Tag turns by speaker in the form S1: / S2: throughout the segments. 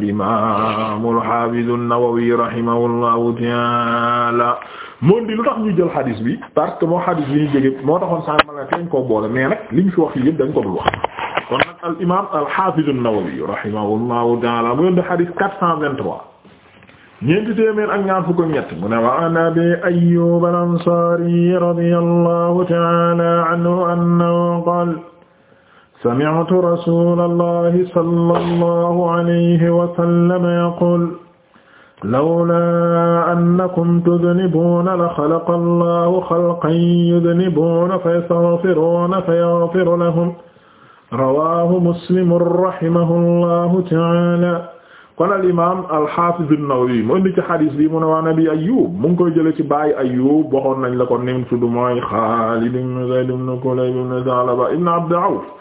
S1: al-imaam al-haafiz an-Nawawi rahimahullahu ta'aala moom di lu tax ñu jël xadis bi parce que moo xadis bi ñu jóge moo taxoon sànq ma ne teñ koo boole mais nag li ñu fi wax fii yëpp dañ ko dul wax kon nag al imaam al xaafiz an-Nawawi rahimahullahu ta'ala mu yónni xadis 423 ñeenti téeméer ak ñaar fukk ak ñett mu ne wa an Abi Ayyub al-Ansari radiyallahu ta'ala anhu annahu qala sami'tu rasuulallahi sallallahu alayhi wa sallam yaqul lawlaa annakum tudnibuuna la xalaqa Allahu xalqan yudnibuuna fayastaghfiruuna fayaghfiru lahum rawaahu muslim rahimahullahu ta'aala kon al imaam al-Haafiz an-Nawawi mu indi ci xadiis bi mu ne waa Nabi Ayyuub mu ngi koy jële ci baay Ayyuub waxoon nañ la kon ni mu tudd mooy Xaalid ibn Zayd ibn Kulayb ibn Sa'laba ibn Abd Awf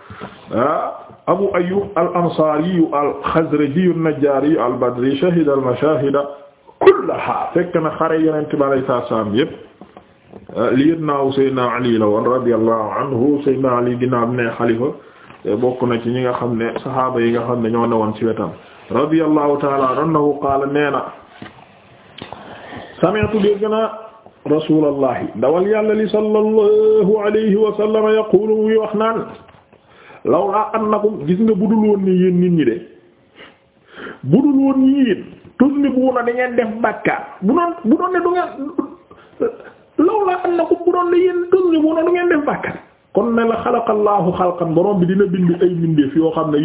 S1: Ah, Abu Ayyub al-Ansari al-Khazraji an-Najjari al-Badri shahida al-mashahida kullaha fekk na xare Yonent bi alayhi salaam yépp ah, li yitnaaw Seydina Ali la woon radiyallahu anhu Seydina Ali ginnaaw bi ne xalifa eh, bokk na ci ñi nga xam ne saxaaba yi nga xam ne ñoo newoon ci wetam radiyallahu ta'ala anhu qaala nee na sami'tu dégg naa rasulallahi ndawal yàlla li sallallahu alayhi wa sallam yaqulu muy wax naan lawlaa annakum gis nga bu budul woon ni yéen nit ñi de budul woon ni yéen tuznibuuna da ngeen def bàkkaar bu doon bu doon ne du ngeen lawlaa annakum bu doon ne yéen tuznibuuna du ngeen def bàkkaar kon ne la xalaqallahu xalqan borom bi dina bind ay mbindeef yoo xam ne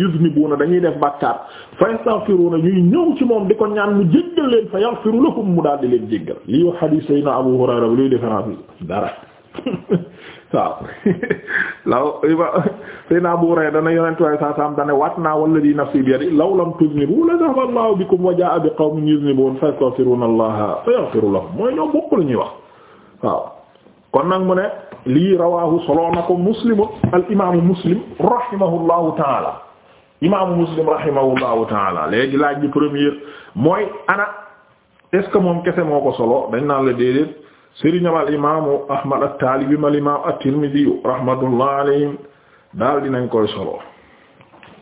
S1: na dañuy def bàkkaar fa na ñuy ñëw ci moom di ko ñaan mu jéggal leen fa yaghfiru lahum mu daal di leen jéggal lii wax xadiis Seydina Abu Hurayra bi luy différence bi dara waaw law sayna Abu Hurayra dana yonent waaye saa saam dana waat naa walladhi nafsi biyadi law lam tuznibu la dhahaba Allahu bikum wa jaa'a bi qawmin yuznibun fayastaghfiruna Allaha fayaghfiru lahum mooy ñoom bokk lu ñuy wax waaw kon nag mu ne lii rawaahu solo na ko Muslim al imaamu Muslim rahimahullahu taala imaamu Muslim rahimahullahu taala léegi laaj bi première mooy ana est ce que moom kese moo ko solo dañ naan la déedéet sëriñam al imaamu ahmad ak taalibim al imaam at-Tirmidhi rahmatullah alayhim daal dinañ koy solo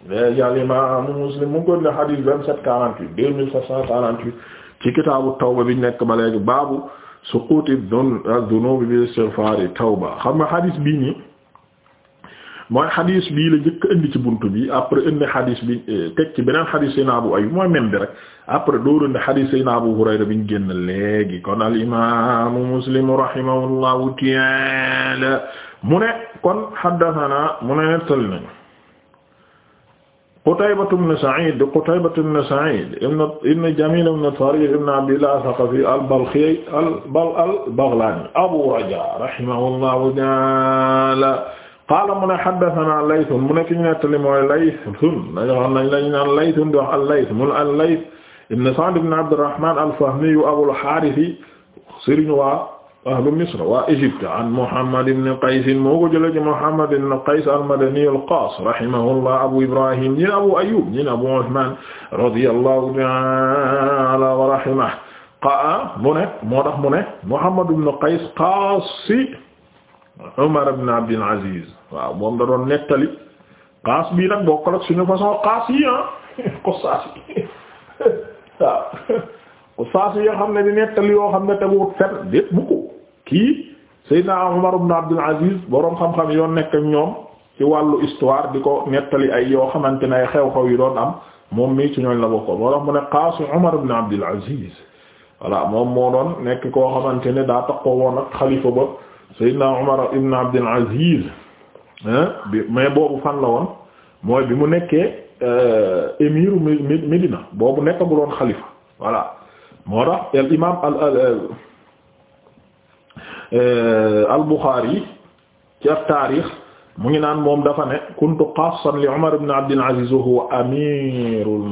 S1: léegi al imaamu Muslim mu ngi ko ne xadiis vingt-sept quarante-huit deux mille sept cent quarante-huit ci kitaabu tawba bi nekk ba léegi baabu suquuti bi istighfaari tawba xam nga xadiis mooy xadis bi la njëkk ci buntu bi après indi xadis bi eh, teg ci beneen xadis sayna Abu Ayyub mooy même bi rek après dooru indi xadis sayna Abu Hurayra biñ génn léegi kon al imaamu Muslim rahimahullahu ta'ala mu ne kon haddathana mu ne nettali nañu Qutayba ibn Sa'id Qutayba ibn Sa'id ibn Jamil ibn Tariq ibn Abdillah al-Thaqafi al-Balkhi al-Baghlani Abu Raja rahimahullahu ta'ala qaala mu ne haddasanaa Laythun mu ne ki ñu nettali mooy Laythun dañu xam nañ lañu naan Laythun di wax al-Layth mu ne al-Layth ibn Sa'd ibn Abdurrahmaan al-Fahmi Abul Haarith sëriñu waa ahlu Misr waa Égypte an Muhammad ibn Qays moo ko jëlee ci Muhammad ibn Qays al-Madani al-Qaas rahimahullah Abu Ibrahim ñi Abu Ayyub ñi Abu Usmaan radiyallahu ta'ala wa rahimahu qaala mu ne moo tax mu ne Muhammad ibn Qays Qaasi Umar ibn Abdul waaw moom da doon nettali xaas bii nag bokkal ak suñu façon xaas yi ah ko saas yi waaw xam ne di nettali yoo xam ne teguwut fen déet bu ko kii Seydina Umar boroom xam-xam nekk ñoom ci wàllu histoire di ko nettali ay yoo xamante ne ay xew-xew yi doon am moom mii ci ñooñ la ko moo tax mu ne xaasu Umar ibn Abdul Aziz voilà moom moo doon nekk koo xamante ne daa tax ko woon ak xalifa ba Seydina Umar ibn Abdul Aziz bi mais boobu fan la woon mooy bi mu nekkee euh, émiru Médina boobu nekkaguloon xalifa voilà moo tax al imaam al euh, al Bukhari ci ab taarix mu ngi naan moom dafa ne kuntu xaasan li Umar ibn Abdul Aziz wa huwa amirul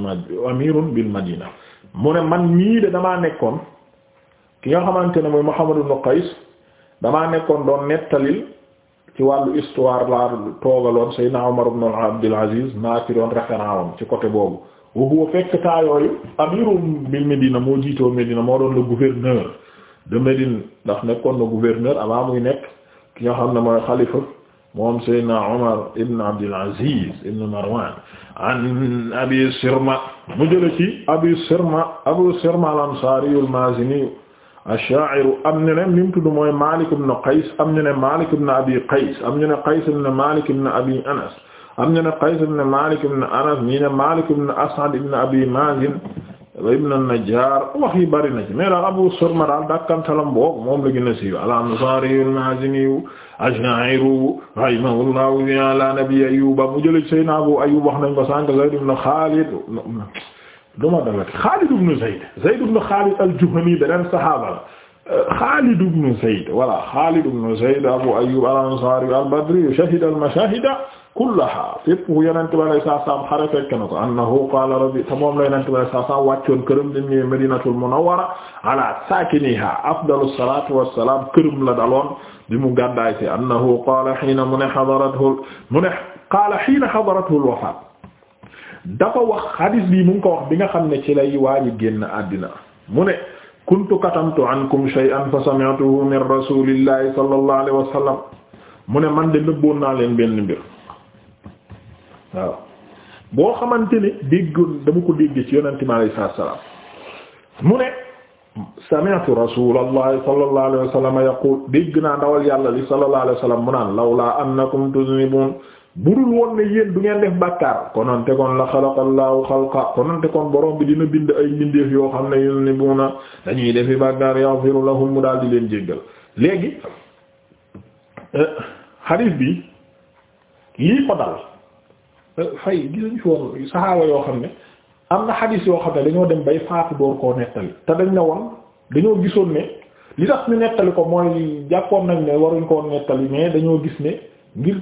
S1: amirun bil Madina mu ne man mii de damaa nekkoon ki nga xamante ne mooy Muhammad ibn Qays damaa nekkoon doon nettalil ci wàllu histoire laa toogaloon Seydina Umar ibn Abdul Aziz maa ci doon côté boobu wa huwa fekk taa yooyu amirul bil moo jiitoo Médina moo doon le gouverneur de Médine ndax nekkoon la gouverneur avant muy nekk ki nga xam ne mooy xalifa moom Seydina Umar ibn Abdul Aziz ibn an Abi Sirma mu jële ci Sirma Abu Sirma al-Ansari ash-sha'iru am ñu ne ni mu tudd mooy Malik ibn Qays am ñu ne Malik ibn Abi Qays am ñu ne Qays ibn Malik ibn Abi Anas am ñu ne Qays ibn Malik ibn Anas ñi ne Malik ibn As'ad ibn Abi Mazin ibn an-Najjar wax yi bari na ci mais daal Abu Surma daal dakkantalam boobu moom la gën a siiw al-Ansari al-Mazini ash-sha'iru rahimahullahu ala Abi Ayyub mu jël Sayyidina Abu Ayyub wax nañ ko sànq Zayd ibn Khalid du ma dalati Xaalid ibn Zayd Zayd ibn Xaalid al-Juhani beneen saxaaba la Xaalid ibn Zayd voilà Xaalid ibn Zayd Abu Ayyub al-Ansaari al-Badri shahida al-mashaahida kullahaa fépp fu Yonent bi alayhi salaam xare fekk na ko annahu qaala rabbi te moom la Yonent bi alayhi salaam wàccoon këram di ñëw Madiinatul Munawwara alaa saakinihaa afdalu salaatu wa salaam këram la daloon bi mu gàddaay ci annahu qaala hiina mu ne hadarathu mu ne qaala hiina hadarathu al-wafaat dafa wax xadis bii mu ngi ko wax bi nga xam ne ci lay waaji génn àddina mu ne kuntu katamtu ankum shay'an fa sami'tuhu min rasulillahi sallallahu alayhi mu ne man de nëbboon naa leen benn mbir waaw xamante ne déggoon dama ko ci yonente mi alayhi salaam mu ne sami'tu rasulallahi sallallahu alayhi yàlla li sallallahu alayhi mu naan lawlaa budul woon ne yéen du ngeen def bàkkaar konante kon la xalaqallaahu xalqa konante kon borom bi dina bind ay mbindeef yoo xam ne yéen ni bu a dañuy defi bàkkaar yaghfiru lahum mu daal di leen jéggal léegi euh, hadith bi lii ko dal euh, fay gisañ fi woon saxaaba yoo xam ne am na hadith yoo xam ne dañoo dem bay faatu door koo nettali te dañ ne woon dañoo gisoon ne li tax ñu nettali ko mooy jàppoon nañ ne waruñ koo nettali mais dañoo gis ne ngir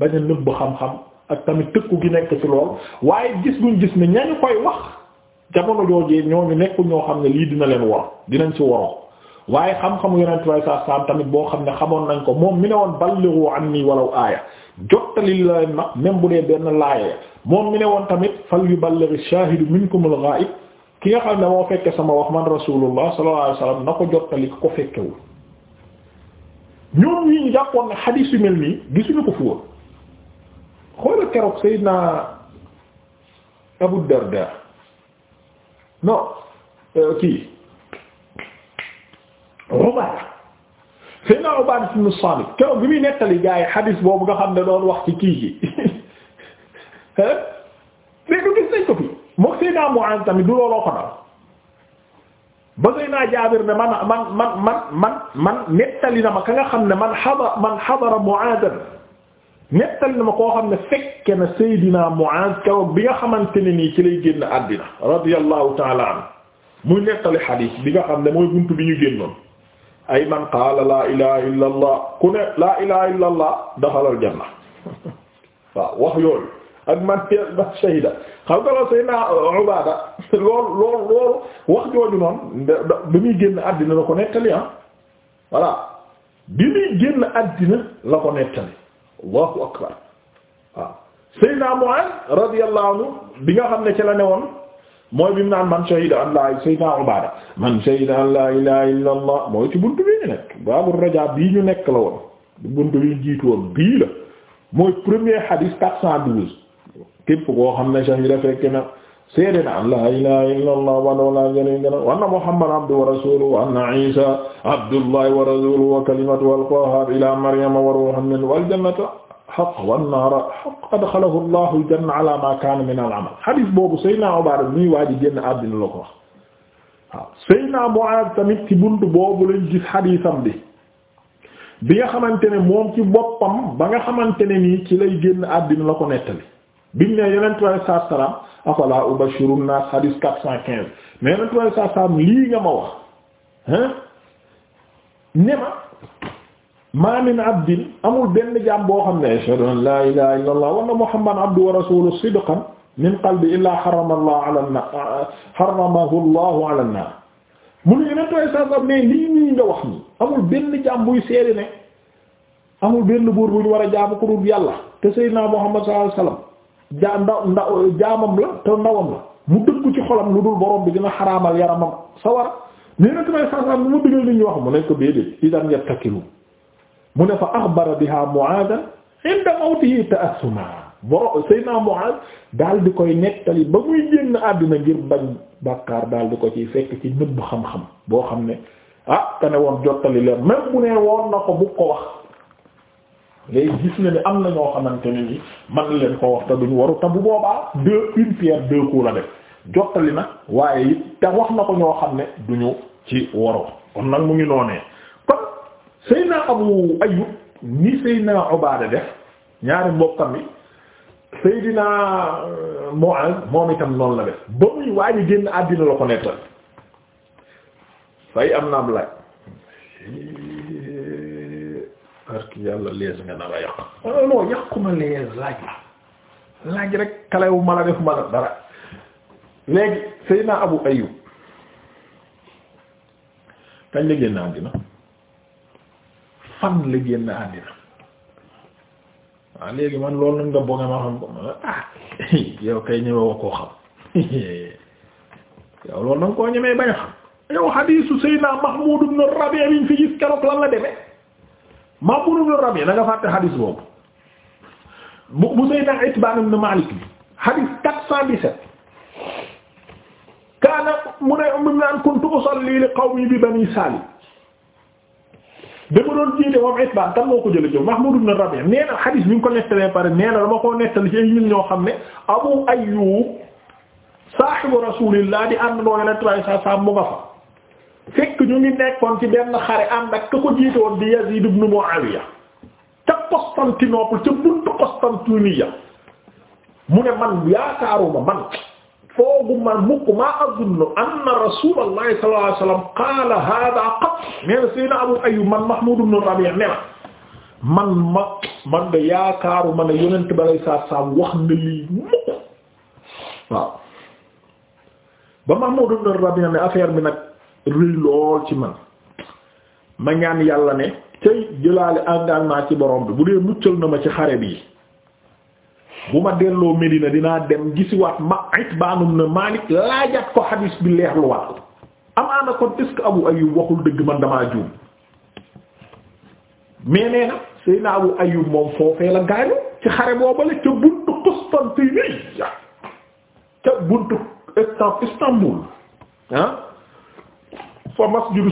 S1: bañ a nëbb xam-xam ak tamit tëkku gi nekk ci lool waaye gis guñ gis ne ñañu koy wax jamono joojee ñooñu nekkul ñoo xam ne lii dina leen wor dinañ ci woroo waaye xam-xamu yonent bi saa saam tamit boo xam ne xamoon nañ ko moom mi ne woon ballighu anni walaw aaya jottali leen ma même bu dee benn laaya moom mu ne woon tamit fal yuballighi shaahidu minkumul ghaa'ib ki nga xam ne moo fekke sama wax man rasulullah sallallahu alayhi wasallam na ko jottali ko fekkewul ñoom ñii ñu jàppoon ne xadiis mel nii gisuñu ko fu woon xoola keroog Seydina Abu Darda non euh, kii Ubaada Seydina Ubaada ibn Saamit keroog bi muy nettali gaa yi xadiis boobu nga xam ne doon wax ci kii gi mais du gis nañ ko fi moom Seydina Muaaz tamit du looloo ko dal ba Seydina Jaabir ne man man man man man man nettali na ma ka nga xam ne man xadara man xadara Muaaz nettali na ma koo xam ne fekke na Seydina Muaaz keroog bi nga xamante ne nii ci lay génn àddina radiyallahu ta'ala anhu muy nettali xadiis bi nga xam ne mooy buntu bi ñu génnoon ay man qaala laa ilaha illa allah ku ne laa ilaha illa allah daxalal janna waaw wax yooyu ak man shahida xam nga la sayna Ubaada loolu loolu loolu wax jooju noonu bi muy génn àddina la ko nettali ah voilà bi muy génn àddina la ko nettali allahu akbar waaw sayna Mu'aaz radiyallahu anhu bi nga xam ne ci la ne woon mooy bi mu naan man shahida an la sayna Ubaada man shahida an la ilaha illa allah mooy ci buntu bi ñu nekk baabul rajaa bii ñu nekk la woon buntu bi ñu jiitu woon bii la mooy premier hadith 412 képp koo xam ne shahida fekk na seede na an la ilaha illa allah wahdahu la sharika lahu wa anna muhammadan abduhu wa rasuluhu wa anna isa abdullahi wa rasuluhu wa kalimatuhu alqaha ila maryama wa ruhun minhu wal jannatu haqqun wan naaru haqqun adkhalahu allahu al-janna ala ma kana min al-amal hadis boobu Seydina Ubaada mi waa ji génn àddina la ko wax waaw Seydina Muaad tamit ci buntu boobu lañ gis hadisam bi bi nga xamante ne moom ci boppam ba nga xamante ne nii ci lay génn àddina la ko nettali biñ ne yeneen trois cent salaam afala ubashiru nas hadis quatre cent quinze mais yeneen trois cent salaam lii nga ma wax hein ne ma ma min abdin amul benn jaam boo xam ne ashhadu an la ilaha illa allah wa anna muhammadan abdu wa rasuluhu sidqan min qalbi illaa harrama allah ala an-naar harramahu allah ala an-naar mu ne yeneen trois cent salaam mais lii nii nga wax nii amul benn jaam buy seede ne amul benn buur bu ñu war a jaamu ku dul yàlla te sayyidina muhammad sallallahu alayhi wasallam jaa ndaw ndaw jaamam la te ndawam la mu dëggu ci xolam lu dul borom bi dina xaraamal yaramam sawar nee na tamit sànqal mu digal li ñu wax mu ne ko déedéet idan yattakilu mu ne fa axbara biha Muaaz inda mawtihi ta'assuma borom Seydina Muaaz daal di koy nettali ba muy génn àddina ngir bañ bàkkaar daal di ko ciy fekk ci nëbb xam-xam boo xam ne ah te ne woon jottali leen même bu ne woon na ko bu ko wax. ngay gis ne ni am na ñoo xamante ne ni man leen ko wax te duñu waru te bu boobaa deux une pierre deux la def jottali nag waaye it te wax na ko ñoo xam ne duñu ci waru kon nag mu ngi noonee kon Seydina Abu Ayyub ni Seydina Ubaada def ñaari mbokkam yi Seydina euh, Mu'az moom itam noonu la def ba muy waa ñu génn àddina la ko nettal fay am na am laaj parce que yàlla lees nga nar a yàq oh, non yàquma lees laaj la laaj rek kalewu ma la def ma la dara léegi Seydina Abu Ayyub kañ la génn àddina fan la génn àddina waaw ah, léegi man lool nag nga boge ma xam ko ma ah yow kay ñëwee koo xam yow loolu nag koo ñemee bañ xam yow xadiisu Seydina Mahmoud ibn Rabi' biñ fi gis keroog lan la demee Mamour ibn Rabi' na nga fàtte xadis boobu bu bu Seydina Itbaan ibn Maalik bi xadis 417 kaana mu ne mu naan kuntu usalli li qawmi bi Bani Saalim dama doon jiite moom Itbaan kan moo ko jëlee jëw Mahmoud ibn Rabi' nee na xadis bi nga ko nettalee pare nee na dama koo nettali ci ay ñun ñoo xam ne Abu Ayyub saahibu Rasuulillah di ànd loo yeneen tubaab yi saa mu nga fekk ñu ngi nekkoon ci benn xare ànd ak ka ko jiite woon di Yazid ibn Muawiya ca Constantinople ca buntu Constantinople mu ne man yaakaaruma man foogu man mukk maa azunnu anna Rasulullahi sallallahu alayhi wasallam qaala haaza qat nee na Abu Ayyub man Mahmud ibn Rabi' ne ma man ma man de yaakaaruma ne Yonent bi alayhi salaatu salaam wax na mukk ba Mahmud ibn Rabi' ne affaire bi nag. rëy lool ci man ma ñaan yàlla ne tey jëlaale engagement ci borom bi bu dee muccal na ma ci xare bi bu ma delloo Medina dinaa dem gisiwaat ma Itbaanum na Maalik laajaat ko xadiis bi leerluwaat amaana kon est-ce Abu Ayyub waxul dëgg man damaa juum mais nee na Abu Ayyub moom foofee la gaañu ci xare boobale ca buntu Constantinople ca buntu Istanbul ah. fa masjidu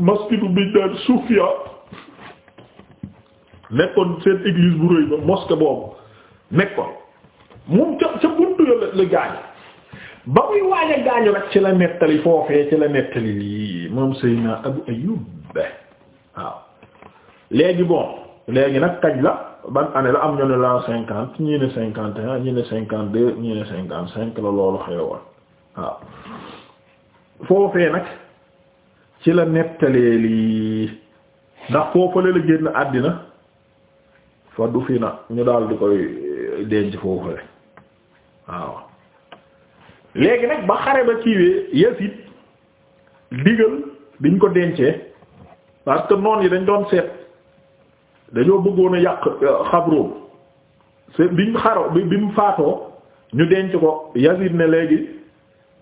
S1: masjidu bi daan Sufya nekkoon seen église bu rëy ba mosquée boobu nekkoon moom ca ca buntu la la gaañu ba muy waaj gaañu nag ci la nettali foofee ci la nettali lii moom Seydina Abu Ayyub waaw léegi bon léegi nag kañ la ban année la am ñu ne la cinquante cinquante et un ñii ne cinquante deux ñii ne cinquante cinq la loolu xewoon waaw foofee nag ci la nettalee lii ndax foofale la génn àddina fa du fi na ñu daal di koy eh, denc foofale waaw léegi nag ba xare ba kiiwee Yazid digal biñ ko dencee parce que noon yi dañ doon seet dañoo bëggoon a yàq eh, se c'est biñ xaro bi bi mu faatoo ñu denc ko Yazid ne léegi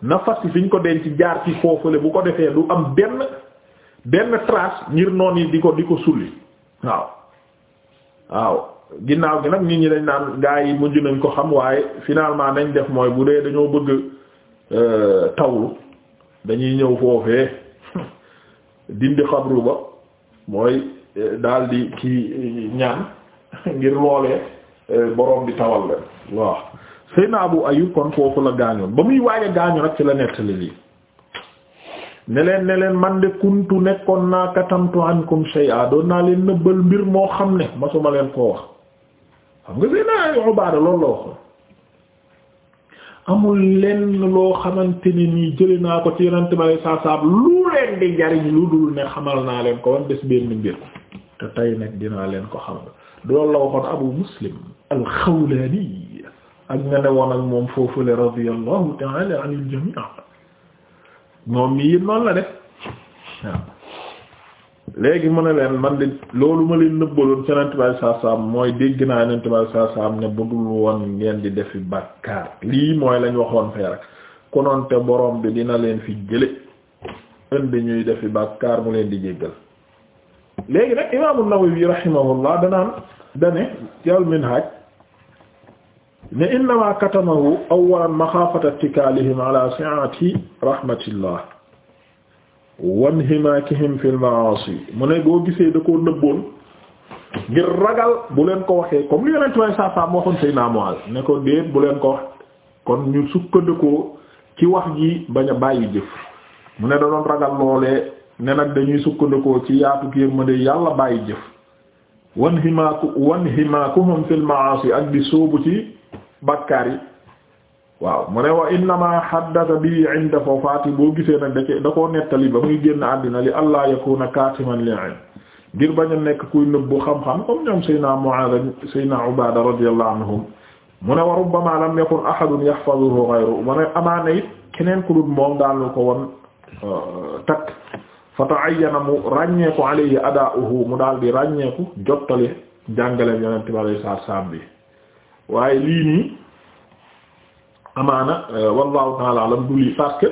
S1: na fas fi ñu ko denc jaar ci foofule bu ko defee du am benn benn trace ngir noon yi di ko di ko sulli waaw waaw ginnaaw gi nag nit ñi dañ naan gaa yi mujj nañ ko xam waaye finalement nañ def mooy bu dee dañoo bëgg euh, tawlu dañuy ñëw foofee dindi xabru ba mooy euh, daal di kii euh, ñaan ngir loolee borom bi tawal leen waaw Seydina Abu Ayyub kon foofu la gaañoon ba muy waaja gaañu nag ci la nettali lii ne leen man de kuntu nekkoon naa katamtu ankum shay'a doon naa leen nëbbal mbir moo xam ne masuma leen koo wax xam nga Seydina Ubaada la waxoon amul lenn loo xamante ni nii jëli naa ko ci yonent bi saa saab lu leen di jariñ lu dul ne xamal naa leen ko wan des benn mbir te tey nag dinaa leen ko xamal loolu la waxoon Abu Muslim al ak nga ne woon ak moom foofu radiyallahu ta'ala anil moom mii it noonu la def léegi mu ne leen man de loolu ma leen nëbbaloon ci Yonent bi saa mooy dégg naa Yonent bi saa saam ne budul woon ngeen di def defi bàkkaar lii mooy lañu waxoon fee rek konoonte borom bi dina leen fi jële bi ñuy defi bàkkaar mu leen di jéggal léegi nag Imaam An-Nawawi rahimahullah danaan dane yal minhaj ne innama katamahu awwalan maxaafata ittikaalihim ala si'ati rahmatillah wa inhimaakihim fil ma'aasi mu ne boo gisee da koo nëbboon ngir ragal bu leen ko waxee comme li yonent way saa saa moo xoon ne ko déet bu leen ko wax kon ñu sukkandikoo ci wax ji ba a bàyyi jëf mu ne da ragal loolee ne nag dañuy sukkandikoo ci yaatu ki yërmande yàlla bàyyi jëf wan himaaku wan himaakuhum fil ma'aasi ak di sóobu ci bakkaar waaw mu ne wa innama haddasa bi inda foofaati boo gisee nag da cee da nettali ba muy génn àddina li allah yakuna katiman li ilm ngir bañ nekk kuy nëbbu xam-xam comme ñoom Seydina Muaaz Seydina Ubaada radiyallahu anhum mu ne wa rubbama lam yakun ahadun yahfazuhu ghayru mu ne amaana keneen ku moom daal lu ko won euh, takk fa ta'ayyana mu ràññeeku adaa'uhu mu daal di ràññeeku jottali jàngaleem yonent bi alayhi salaam bi waaye lii nii amaana euh, wallahu taala alam du lii parce que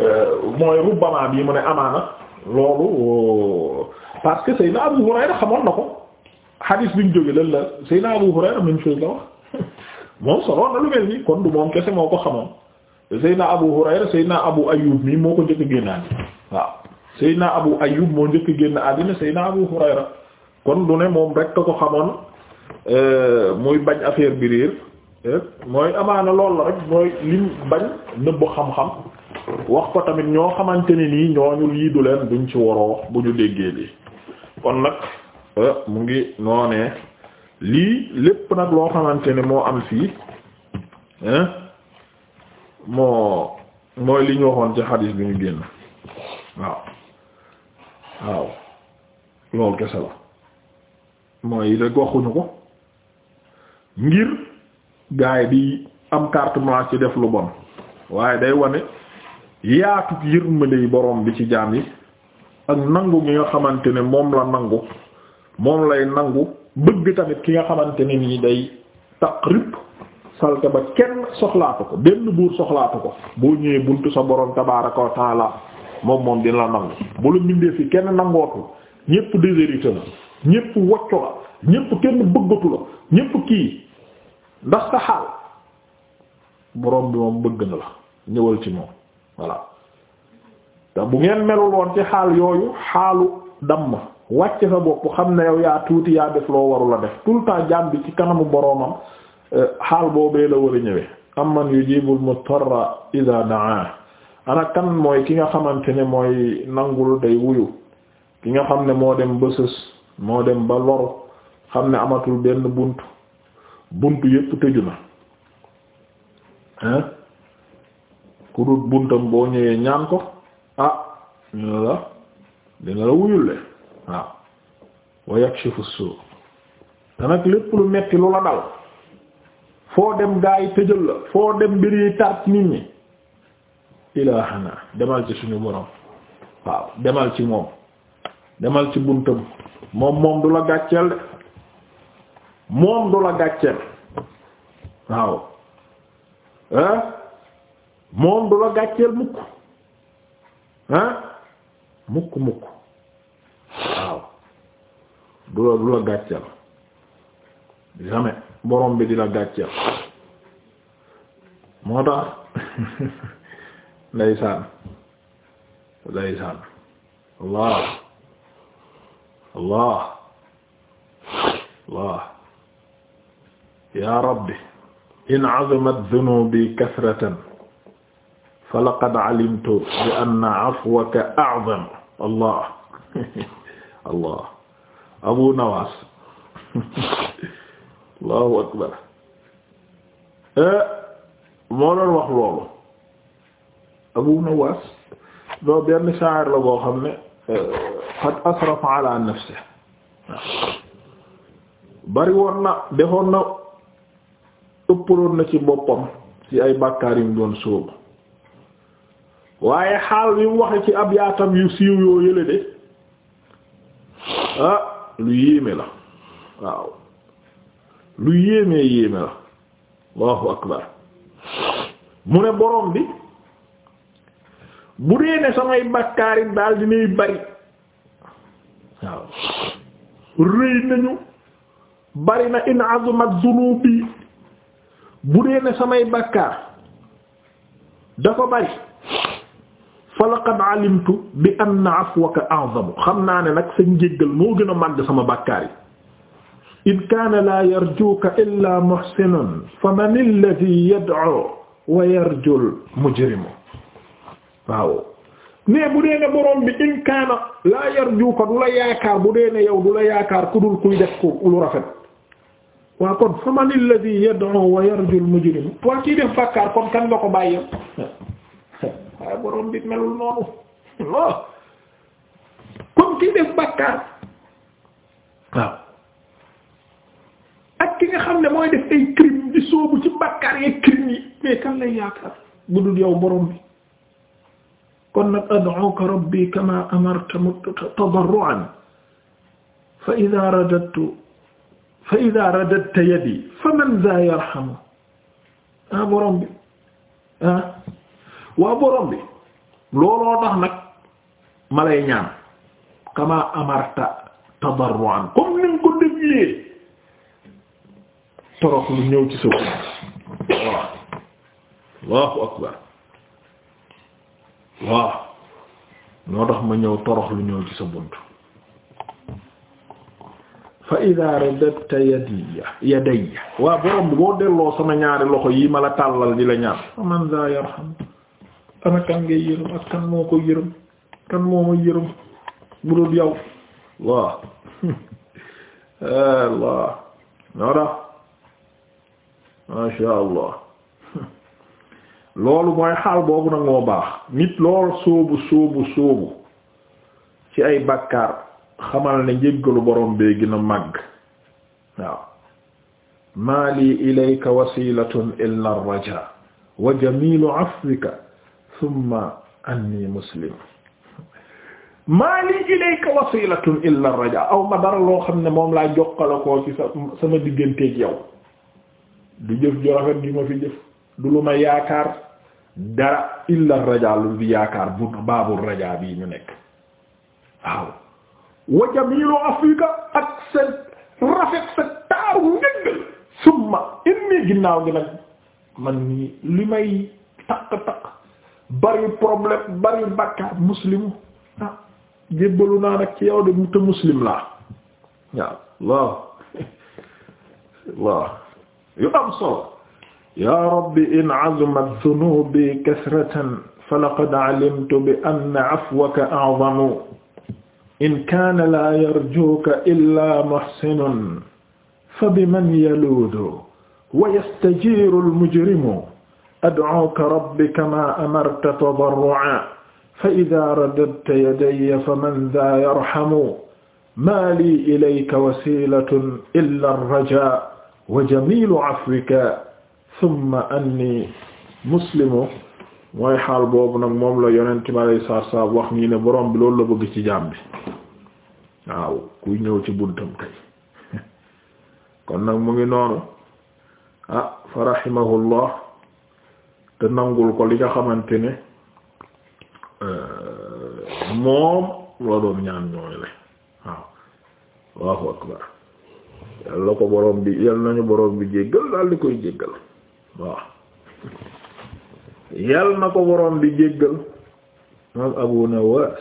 S1: euh, mooy rubbama bii mu ne amaana loolu euh, parce que Seydina Abu Hurayra xamoon na ko hadis bi ñu jóge lan la Seydina Abu Hurayra même chose la wax moom soloon na lu mel nii kon du moom kese moo ko xamoon Seydina Abu Hurayra Seydina Abu Ayyub mii moo ko njëkk a génn àddina waaw Seydina Abu Ayyub moo njëkk a génn àddina Abu Hurayra kon du ne moom rek ko xamoon Euh, muy bañ affaire bi réer eh, mooy amaana lool la rek mooy lim bañ nëbb xam-xam wax ko tamit ñoo xamante ni nii ñooñu lii du leen duñ ci woroo bu ñu déggee lii kon nag eh, mu ngi noonee lii lépp nag loo xamante ne moo am fii eh, moo mooy li ñu waxoon ci xadiis bi ñu génn waaw waaw loolu kese la mooy rek waxuñu ko ngir gaay bi am carte blanche ci def lu bon waaye day wane yaatu yërmande boroom bi ci jaam yi ak nangu gi nga xamante ne moom la nangu moom lay nangu bëgg tamit ki nga xamante ne nii day taqrib salte ba kenn soxlaatu ko benn buur soxlaatu ko boo ñëwee buntu sa borom tabaaraka wa moom moom dina la nangu bu mbindee fi kenn nangootu ñépp déshérité la ñépp wocco la ñépp kenn bëggatu la ñépp kii ndax sa xaal borom bi moom bëgg na la ñëwal ci moom voilà bu ngeen melul woon ci xaal yooyu xaalu damm wàcc sa bopp xam ne yow yaa tuuti yaa def loo warul a def tout le temps jaam bi ci kanamu boromam euh, xaal boobee la war a ñëwee amman yujibul mutarra idha daa ana kan mooy ki nga xamante ne mooy nangul day wuyu ki nga xam ne moo dem ba sës moo dem ba loru xam ne amatul benn bunt bunt yépp tëju na hein ku buntam boo ñëwee ñaan ko ah ñu la dina la wuyule waaw wa yakshifu suu te nag lépp lu metti lu la dal foo dem gaa yi tëjal la foo dem mbir yi tart nit ñi ilaahana demal ci suñu borom waaw demal ci moom demal ci buntam moom moom du la gàcceel de moom du la gàcceel waaw ah moom du la gàcceel mukk ah mukk mukk waaw du la du la gàcceel jamais borom bi di la gàcceel moo tax ndeysaan ndeysaan allah allah allah yaa rabbi in azamat dunubi kasratan fa laqad alimtu bi anna afwaka a'zam allah allah abu nawaas allahu akbar eh, moo doon wax loolu abu nawaas doo benn shaa'ir la boo xam ne eh, qad asrafa ala nafsihi bari woon na defoon na ëppaloon na ci boppam ci ay bàkkaar doon sóobu waaye xaal bi waxe ci ab yaatam yu siiw yoo yële de ah, lu yéeme la waaw lu yéemee yéeme la allahu akbar mu ne borom bi bu dee ne samay bàkkaar yi daal dinay bari waaw rëy nañu bari na in azumat zunubi bu dee samay bàkkaar dafa bari fa laqad alimtu bi anna afwaka a'zamu xam naa ne nag sa njéggal moo gën a màgg sama bàkkaar yi in kaana laa yarjuuka illaa muhsinun fa man alladhi yad'u wa yarjul mujrimu waaw mais bu dee ne borom bi in kaana la yaakaar bu dee ne yow du la yaakaar ku dul kuy lu rafet waa kon faman alladhi yad'u wa al-mujrim waa kii def bàkkaar kon kan nga ko bàyyi waaye borom bi melul noonu non kon kii def bàkkaar waaw ak ki nga xam ne mooy def ay crime di soobu ci bàkkaar yeeg crime yi mais kan lay yaakaar bu dul yow borom bi kon nag ad'uka rabbi kama amarta tadarruan fa idha radadtu fa idaa radadta yadi fa man za yarhamu ah borom bi ah waa borom bi looloo tax nag ma lay ñaan kama amarta tadarruan comme ni nga ko déggee torox lu ñëw ci sa waaw allahu akbar waaw loo tax ma ñëw torox lu ñëw ci sa bunt fa ida radadta yadiya yadayya waa borom bi boo delloo sama ñaari loxo yii ma la tàllal di la ñaan fa man ak kan moo ko yërëm kan moo ma yërëm bu dul yow Allah Allah ñoora ma sha Allah loolu mooy xaal boobu nag moo baax nit lool sóobu sóobu sóobu ci ay bàkkaar xamal ne njéggalu borom bee gën a màgg maa lii ilayka wasilatun illa ar wa jamilu afwika thumma anni muslim maa lii ilayka wasilatun illa ar aw ma dara loo xam ne moom laa jokkale koo ci sa sama digganteeg yow du jëf ju rafet gi ma fi jëf du lu ma yaakaar dara illa ar-raja lu di yaakaar bu baabul raja ñu nekk waaw wa jamilu afrika ak sa rafet sa taaru njëggal summa inni ginnaaw gi nag man nii li may takk-takk bari problème bari bàkkaar muslimu ah jébbalu naa nag ci yow de te muslim laa waaw waaw waaw yu am solo yaa rabbi in azumat dhunubi kasratan falaqad alimtu bi anna afwaka a'zamu in kaana laa yarjuuka illaa muhsinun fa biman yaluudu wa yastajiiru almujrimu ad'uuka rabbi kamaa amarta tadarru'an fa idaa radadta yadayya faman dhaa yarhamu maa lii ilayka wasiilatun illaa arrajaa wa jamiilu afwika thumma annii muslimu mooy xaal boobu nag moom la yonent ma lay saar saar wax nii ne borom bi loolu la bëgg ci jaam bi waaw kuy ñëw ci buntam kay kon nag mu ngi noonu ah fa rahimahullah te nangul ko li nga xamante ne euh, moom la doon ñaan ñooy la waaw Allahu akbar yàlla ko borom bi yàlla nañu borom bi jéggal daal di koy jéggal waaw yàlla na ko boroom bi jéggal moom Abu Nawas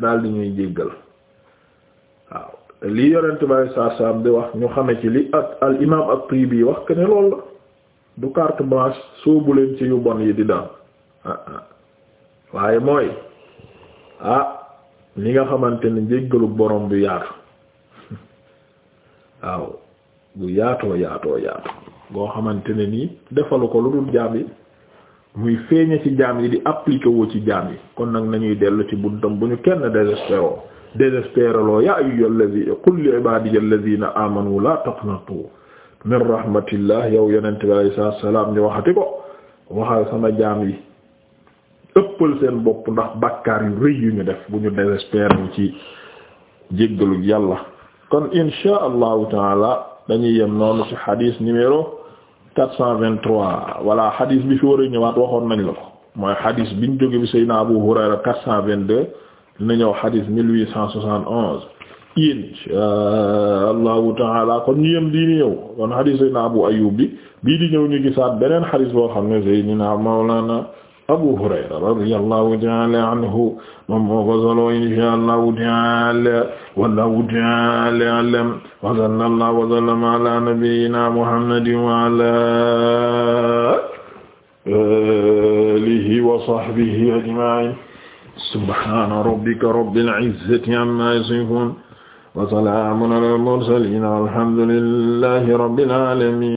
S1: daal di ñuy jéggal waaw li yorent bàyyi saa saam di wax ñu xame ci li ak al imaam at-Tibi wax que ne loolu la du carte blanche soobu leen ci yu bon yi di daan ah, ah. waaye mooy ah li nga xamante ne jéggalu boroom bu yaatu waaw bu yaatoo yaatoo yaatu boo xamante ne nii defalu ko lu dul jaam yi muy feeñe ci jaam yi di appliqué woo ci jaam yi kon nag nañuy dellu ci buntam bu ñu kenn désespéro désespéreloo ya ayyuhal ladhina qul li ibadiya alladhina amanu la taqnatu min rahmatillah yow yonente bi alayhi salaatu salaam ñu waxati ko waxal sama jaam yi ëppal seen bopp ndax bakkaar yu rëy yu ñu def bu ñu désespéré wu ci jéggalu yàlla kon insha allahu taala dañuy yem noonu ci xadiis numéro 423 voilà hadis bi fi war a ñëwaat waxoon nañ la ko mooy hadis biñ jóge bi Seydina Abu Hurayra 422 dina ñëw hadis 1871 insha allahu taala kon ñu yem di ñëw kon hadis Seydina Abu Ayyub bi bii di ñëw ñu gisaat beneen hadis boo xam ne Seydina Mawlana Abu Hurayra radiyallahu ta'ala anhu moom moo ko solo insha Allahu ta'ala wallahu ta'ala a'lam wa sallallahu wa sallama ala nabiyyina Muhammadin wa ala alihi wa sahbihi ajma'in subhana rabbika rabbil izzati amma yasifun wa salamun ala al mursalin walhamdulillahi rabbil alamin